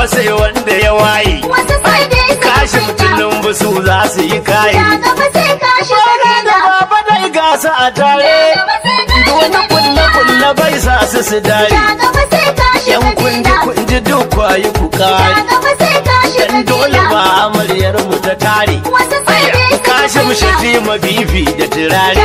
fa sai wanda ya waye kashi mutumin busu za su yi kaye gaba dai kulle kulle bai sa su dare yan kundi kundi duk kwayi ku kare dan dole ba amaryar mu ta tare kashi mu shafi mabibi da turare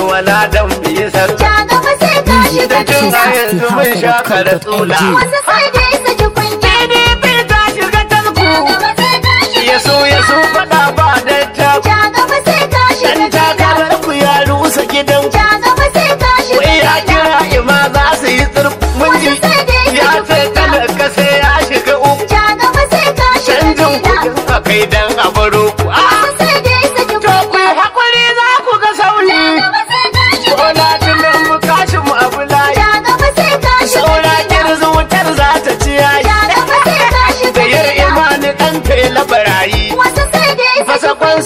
walwala dan bisar ja gaba sai ka shiga tuna yanzu mun sha kara tula wasu sai dai isa ki kunya pdp ta shiga tarko yaso yaso fada ba da ta ja gaba sai ka shiga takarar ku ya rusa gidan ja gaba sai ka shiga wai ya kira ima za su yi tsirf mun ji ya ce talaka sai ya shiga uku ja gaba sai ka shiga canjin kuɗin a kai dan a baro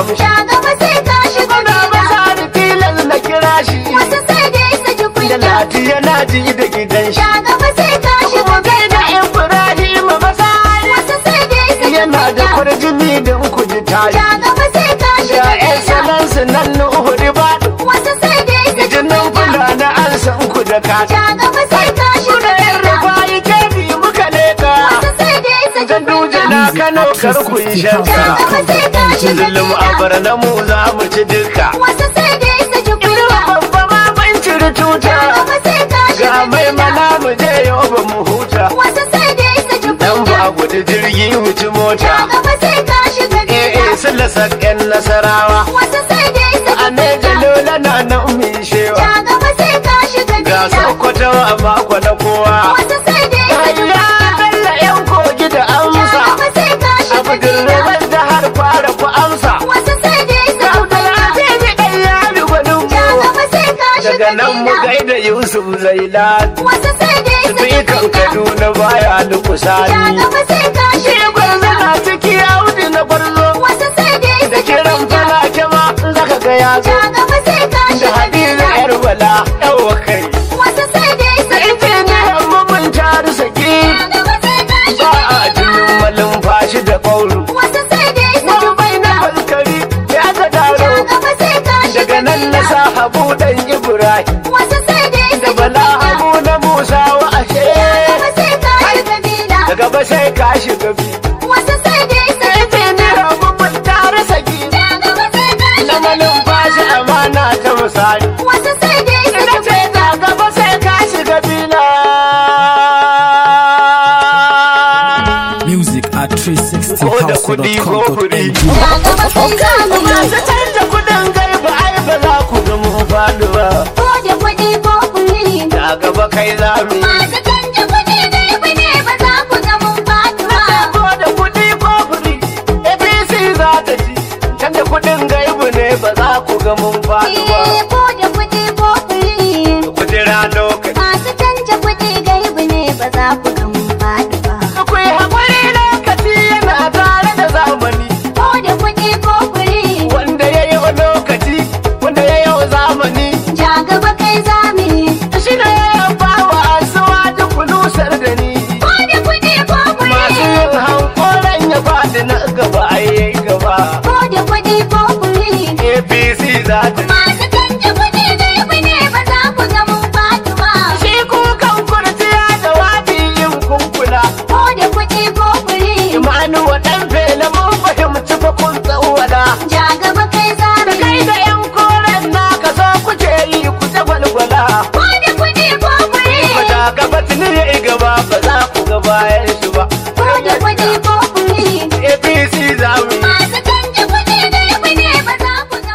abu shagaba sai ka shiga da ba wasu sai da isa ji yana ji da gidan shi sai ka shiga da ibrahim ba wasu sai da isa ji yana da kwarjini da na Kano kar ku yi shansa. Zulum a barna mu za mu ci duka. Wasu sai da isa jikura. Ina babba ma ban ciri tuta. Ga mai mana mu je yau ba mu huta. Wasu sai da isa jikura. Dan ba gudu jirgi mu ci mota. Gaba sai ka ga gida. Eh eh sallasa ƴan nasarawa. Wasu sai da isa jikura. A ne jalola na nan mu shewa. Ga gaba sai ka ga gida. Ga sokoto a kwa na kowa. Wasu sai daga nan mu gaida Yusuf zaila. Wasu sai Kaduna baya lukusa ni. Ya shi na ciki ya na barzo. Wasu sai kiran fara kema zaka ga ya zo. Ya sai ka shi. Da Hadiza 'yar bala. gaba sai ka shiga bi. Wasu sai dai sai ke ne abubuwan tare ba shi amana ta misali. Wasu sai dai sai ke ne gaba sai ka shiga Music at 360 gaba sai ai ba za ku zama faduwa. Ko da kuɗi ko kuɗi. gaba kai ga bayan shi ba. za mu yi. Masu ba za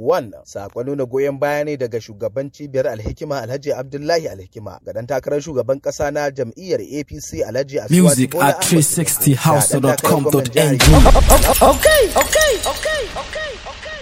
Wannan sakon nuna goyon baya ne daga shugaban cibiyar alhikima Alhaji Abdullahi Alhikima ga dan takarar shugaban kasa na jam'iyyar APC Alhaji Aswati Music at 360house.com.ng Okay, okay, okay, okay, okay.